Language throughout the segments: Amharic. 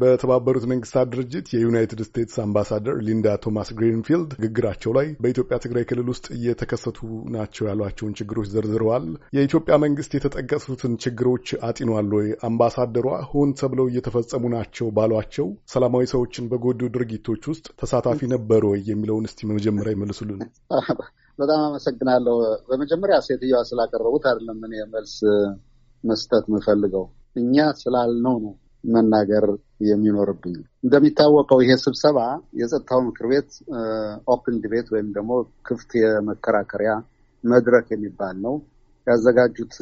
በተባበሩት መንግስታት ድርጅት የዩናይትድ ስቴትስ አምባሳደር ሊንዳ ቶማስ ግሪንፊልድ ንግግራቸው ላይ በኢትዮጵያ ትግራይ ክልል ውስጥ እየተከሰቱ ናቸው ያሏቸውን ችግሮች ዘርዝረዋል። የኢትዮጵያ መንግስት የተጠቀሱትን ችግሮች አጢኗል ወይ? አምባሳደሯ ሆን ተብለው እየተፈጸሙ ናቸው ባሏቸው ሰላማዊ ሰዎችን በጎዱ ድርጊቶች ውስጥ ተሳታፊ ነበሩ ወይ የሚለውን እስቲ መጀመሪያ ይመልሱልን። በጣም አመሰግናለሁ። በመጀመሪያ ሴትዮዋ ስላቀረቡት አይደለም እኔ መልስ መስጠት የምፈልገው እኛ ስላልነው ነው መናገር የሚኖርብኝ። እንደሚታወቀው ይሄ ስብሰባ የጸጥታው ምክር ቤት ኦፕን ዲቤት ወይም ደግሞ ክፍት የመከራከሪያ መድረክ የሚባል ነው። ያዘጋጁት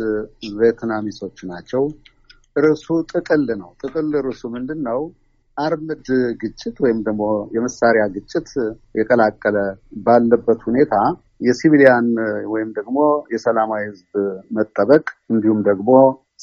ቬትናሚሶች ናቸው። ርዕሱ ጥቅል ነው። ጥቅል ርዕሱ ምንድን ነው? አርምድ ግጭት ወይም ደግሞ የመሳሪያ ግጭት የቀላቀለ ባለበት ሁኔታ የሲቪሊያን ወይም ደግሞ የሰላማዊ ሕዝብ መጠበቅ እንዲሁም ደግሞ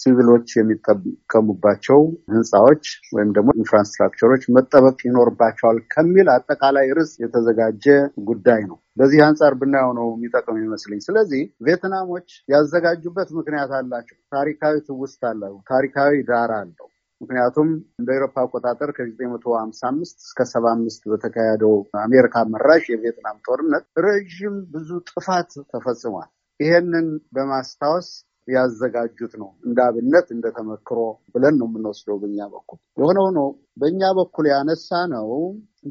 ሲቪሎች የሚጠቀሙባቸው ህንፃዎች ወይም ደግሞ ኢንፍራስትራክቸሮች መጠበቅ ይኖርባቸዋል ከሚል አጠቃላይ ርዕስ የተዘጋጀ ጉዳይ ነው። በዚህ አንጻር ብናየው ነው የሚጠቅም ይመስልኝ። ስለዚህ ቬትናሞች ያዘጋጁበት ምክንያት አላቸው። ታሪካዊ ትውስት አለው። ታሪካዊ ዳራ አለው። ምክንያቱም እንደ ኤሮፓ አቆጣጠር ከ955 እስከ 75 በተካሄደው አሜሪካ መራሽ የቪየትናም ጦርነት ረዥም ብዙ ጥፋት ተፈጽሟል። ይሄንን በማስታወስ ያዘጋጁት ነው። እንደ አብነት እንደ ተመክሮ ብለን ነው የምንወስደው በኛ በኩል። የሆነ ሆኖ በእኛ በኩል ያነሳ ነው።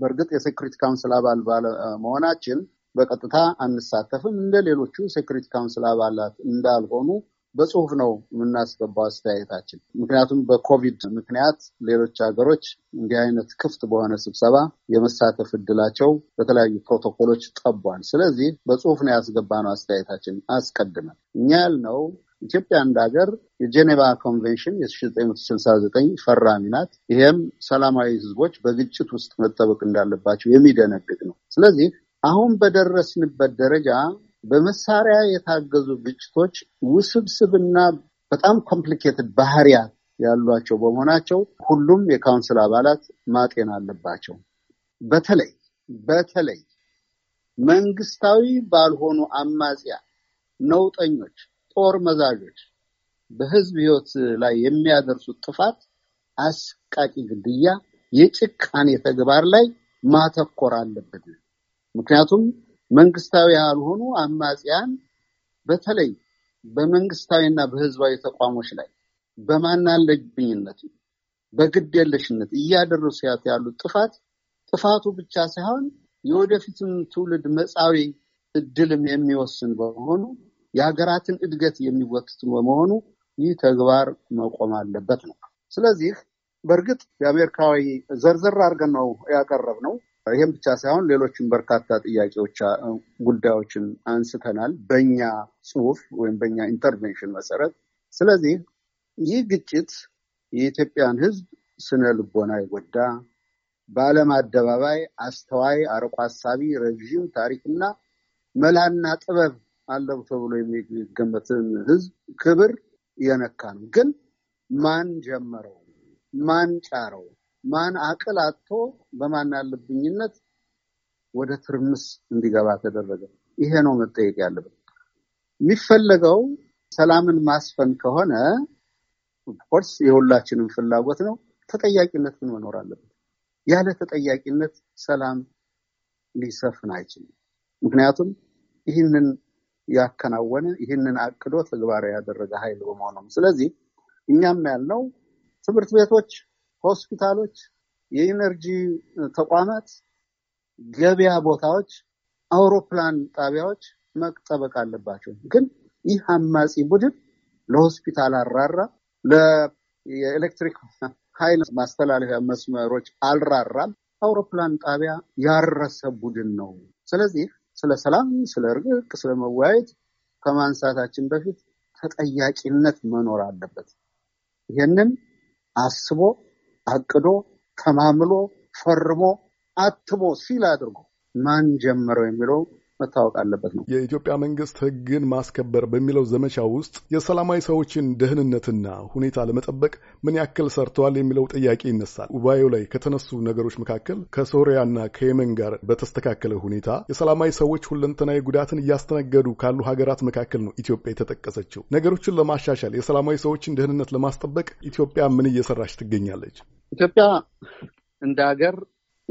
በእርግጥ የሴኩሪቲ ካውንስል አባል ባለመሆናችን በቀጥታ አንሳተፍም። እንደ ሌሎቹ ሴኩሪቲ ካውንስል አባላት እንዳልሆኑ በጽሁፍ ነው የምናስገባው አስተያየታችን። ምክንያቱም በኮቪድ ምክንያት ሌሎች ሀገሮች እንዲህ አይነት ክፍት በሆነ ስብሰባ የመሳተፍ እድላቸው በተለያዩ ፕሮቶኮሎች ጠቧል። ስለዚህ በጽሁፍ ነው ያስገባነው አስተያየታችን አስቀድመን። እኛ ያልነው ኢትዮጵያ እንደ ሀገር የጄኔቫ ኮንቬንሽን የ1969 ፈራሚ ናት። ይሄም ሰላማዊ ህዝቦች በግጭት ውስጥ መጠበቅ እንዳለባቸው የሚደነግግ ነው። ስለዚህ አሁን በደረስንበት ደረጃ በመሳሪያ የታገዙ ግጭቶች ውስብስብና በጣም ኮምፕሊኬትድ ባህሪያት ያሏቸው በመሆናቸው ሁሉም የካውንስል አባላት ማጤን አለባቸው። በተለይ በተለይ መንግስታዊ ባልሆኑ አማጽያ ነውጠኞች ጦር መዛዦች በህዝብ ህይወት ላይ የሚያደርሱት ጥፋት፣ አስቃቂ ግድያ፣ የጭካኔ ተግባር ላይ ማተኮር አለበት። ምክንያቱም መንግስታዊ ያልሆኑ አማጽያን በተለይ በመንግስታዊና በህዝባዊ ተቋሞች ላይ በማናለብኝነት በግድ የለሽነት እያደረሱ ያሉት ጥፋት ጥፋቱ ብቻ ሳይሆን የወደፊትም ትውልድ መጻዊ እድልም የሚወስን በመሆኑ የሀገራትን እድገት የሚወቅት በመሆኑ ይህ ተግባር መቆም አለበት ነው። ስለዚህ በእርግጥ የአሜሪካዊ ዘርዘር አድርገን ነው ያቀረብ ነው። ይህም ብቻ ሳይሆን ሌሎችም በርካታ ጥያቄዎች፣ ጉዳዮችን አንስተናል በኛ ጽሁፍ ወይም በኛ ኢንተርቬንሽን መሰረት። ስለዚህ ይህ ግጭት የኢትዮጵያን ሕዝብ ስነ ልቦና የጎዳ በዓለም አደባባይ አስተዋይ፣ አርቆ ሀሳቢ፣ ረዥም ታሪክና መላና ጥበብ አለው ተብሎ የሚገመትን ህዝብ ክብር የነካ ነው። ግን ማን ጀመረው? ማን ጫረው? ማን አቅል አጥቶ በማን አለብኝነት ወደ ትርምስ እንዲገባ ተደረገ? ይሄ ነው መጠየቅ ያለበት። የሚፈለገው ሰላምን ማስፈን ከሆነ ኦፍኮርስ የሁላችንም ፍላጎት ነው። ተጠያቂነት ግን መኖር አለበት። ያለ ተጠያቂነት ሰላም ሊሰፍን አይችልም። ምክንያቱም ይህንን ያከናወነ ይህንን አቅዶ ተግባራዊ ያደረገ ኃይል በመሆኑም ስለዚህ እኛም ያልነው ትምህርት ቤቶች፣ ሆስፒታሎች፣ የኢነርጂ ተቋማት፣ ገበያ ቦታዎች፣ አውሮፕላን ጣቢያዎች መጠበቅ አለባቸው። ግን ይህ አማጺ ቡድን ለሆስፒታል አራራ፣ ለኤሌክትሪክ ኃይል ማስተላለፊያ መስመሮች አልራራም፣ አውሮፕላን ጣቢያ ያረሰ ቡድን ነው። ስለዚህ ስለ ሰላም፣ ስለ እርቅ፣ ስለ መወያየት ከማንሳታችን በፊት ተጠያቂነት መኖር አለበት። ይህንን አስቦ አቅዶ ተማምሎ ፈርሞ አትሞ ሲል አድርጎ ማን ጀመረው የሚለው መታወቅ አለበት ነው። የኢትዮጵያ መንግስት ህግን ማስከበር በሚለው ዘመቻ ውስጥ የሰላማዊ ሰዎችን ደህንነትና ሁኔታ ለመጠበቅ ምን ያክል ሰርተዋል የሚለው ጥያቄ ይነሳል። ጉባኤው ላይ ከተነሱ ነገሮች መካከል ከሶሪያና ከየመን ጋር በተስተካከለ ሁኔታ የሰላማዊ ሰዎች ሁለንተናዊ ጉዳትን እያስተናገዱ ካሉ ሀገራት መካከል ነው ኢትዮጵያ የተጠቀሰችው። ነገሮችን ለማሻሻል የሰላማዊ ሰዎችን ደህንነት ለማስጠበቅ ኢትዮጵያ ምን እየሰራች ትገኛለች? ኢትዮጵያ እንደ ሀገር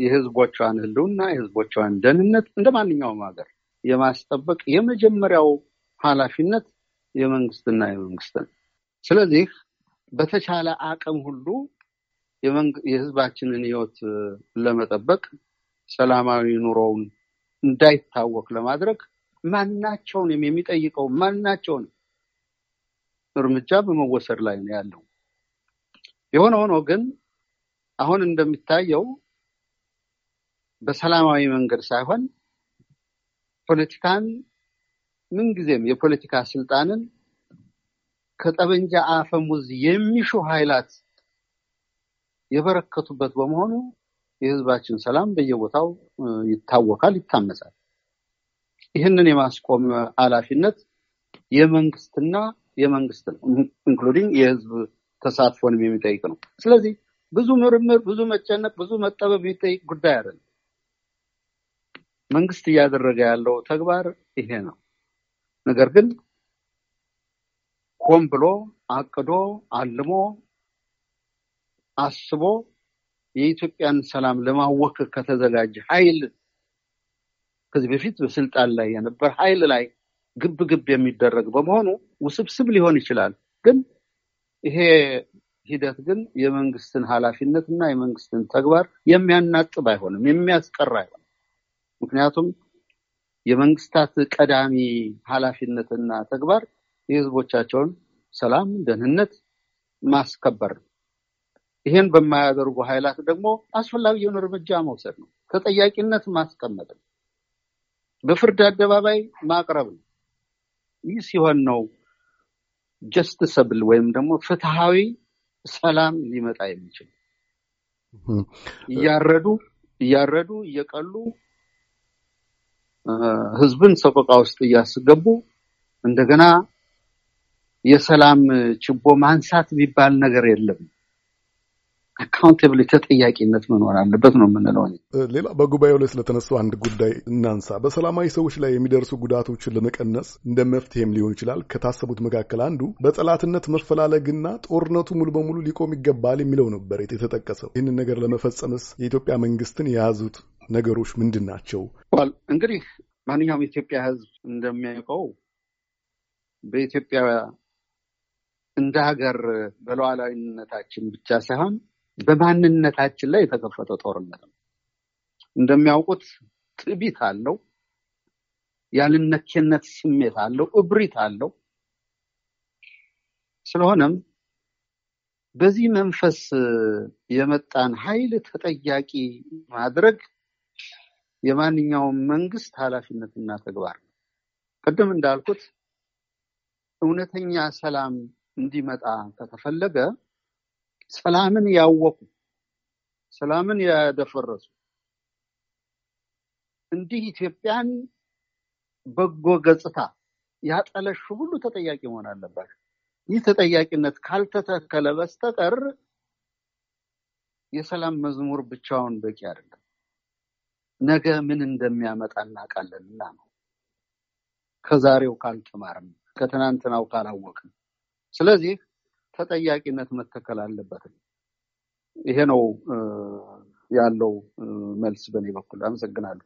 የህዝቦቿን ህልውና የህዝቦቿን ደህንነት እንደ ማንኛውም ሀገር የማስጠበቅ የመጀመሪያው ኃላፊነት የመንግስትና የመንግስት ነው። ስለዚህ በተቻለ አቅም ሁሉ የህዝባችንን ህይወት ለመጠበቅ ሰላማዊ ኑሮውን እንዳይታወክ ለማድረግ ማናቸውንም የሚጠይቀው ማናቸውን እርምጃ በመወሰድ ላይ ነው ያለው። የሆነ ሆኖ ግን አሁን እንደሚታየው በሰላማዊ መንገድ ሳይሆን ፖለቲካን ምንጊዜም የፖለቲካ ስልጣንን ከጠበንጃ አፈሙዝ የሚሹ ኃይላት የበረከቱበት በመሆኑ የህዝባችን ሰላም በየቦታው ይታወካል፣ ይታመሳል። ይህንን የማስቆም ኃላፊነት የመንግስትና የመንግስት ነው፣ ኢንክሉዲንግ የህዝብ ተሳትፎንም የሚጠይቅ ነው። ስለዚህ ብዙ ምርምር፣ ብዙ መጨነቅ፣ ብዙ መጠበብ የሚጠይቅ ጉዳይ አይደለም። መንግስት እያደረገ ያለው ተግባር ይሄ ነው። ነገር ግን ሆን ብሎ አቅዶ አልሞ አስቦ የኢትዮጵያን ሰላም ለማወክ ከተዘጋጀ ኃይል ከዚህ በፊት በስልጣን ላይ የነበረ ኃይል ላይ ግብ ግብ የሚደረግ በመሆኑ ውስብስብ ሊሆን ይችላል። ግን ይሄ ሂደት ግን የመንግስትን ኃላፊነት እና የመንግስትን ተግባር የሚያናጥብ አይሆንም፣ የሚያስቀር አይሆንም። ምክንያቱም የመንግስታት ቀዳሚ ኃላፊነትና ተግባር የህዝቦቻቸውን ሰላም፣ ደህንነት ማስከበር ነው። ይህን በማያደርጉ ኃይላት ደግሞ አስፈላጊውን እርምጃ መውሰድ ነው። ተጠያቂነት ማስቀመጥ ነው። በፍርድ አደባባይ ማቅረብ ነው። ይህ ሲሆን ነው ጀስትሰብል ወይም ደግሞ ፍትሃዊ ሰላም ሊመጣ የሚችል እያረዱ እያረዱ እየቀሉ ህዝብን ሰቆቃ ውስጥ እያስገቡ እንደገና የሰላም ችቦ ማንሳት የሚባል ነገር የለም። አካውንታብሊቲ ተጠያቂነት መኖር አለበት ነው የምንለው። ሌላ በጉባኤው ላይ ስለተነሱ አንድ ጉዳይ እናንሳ። በሰላማዊ ሰዎች ላይ የሚደርሱ ጉዳቶችን ለመቀነስ እንደ መፍትሄም ሊሆን ይችላል ከታሰቡት መካከል አንዱ በጠላትነት መፈላለግና ጦርነቱ ሙሉ በሙሉ ሊቆም ይገባል የሚለው ነበር የተጠቀሰው። ይህንን ነገር ለመፈጸምስ የኢትዮጵያ መንግስትን የያዙት ነገሮች ምንድን ናቸው? እንግዲህ ማንኛውም የኢትዮጵያ ሕዝብ እንደሚያውቀው በኢትዮጵያ እንደ ሀገር በሉዓላዊነታችን ብቻ ሳይሆን በማንነታችን ላይ የተከፈተ ጦርነት ነው። እንደሚያውቁት ትዕቢት አለው፣ ያልነኬነት ስሜት አለው፣ እብሪት አለው። ስለሆነም በዚህ መንፈስ የመጣን ኃይል ተጠያቂ ማድረግ የማንኛውም መንግስት ኃላፊነትና ተግባር ነው። ቅድም እንዳልኩት እውነተኛ ሰላም እንዲመጣ ከተፈለገ ሰላምን ያወቁ፣ ሰላምን ያደፈረሱ እንዲህ ኢትዮጵያን በጎ ገጽታ ያጠለሹ ሁሉ ተጠያቂ መሆን አለባቸው። ይህ ተጠያቂነት ካልተተከለ በስተቀር የሰላም መዝሙር ብቻውን በቂ አይደለም። ነገ ምን እንደሚያመጣ እናውቃለንና ነው። ከዛሬው ካልተማርም ከትናንትናው ካላወቅም፣ ስለዚህ ተጠያቂነት መተከል አለበትም። ይሄ ነው ያለው መልስ በእኔ በኩል። አመሰግናለሁ።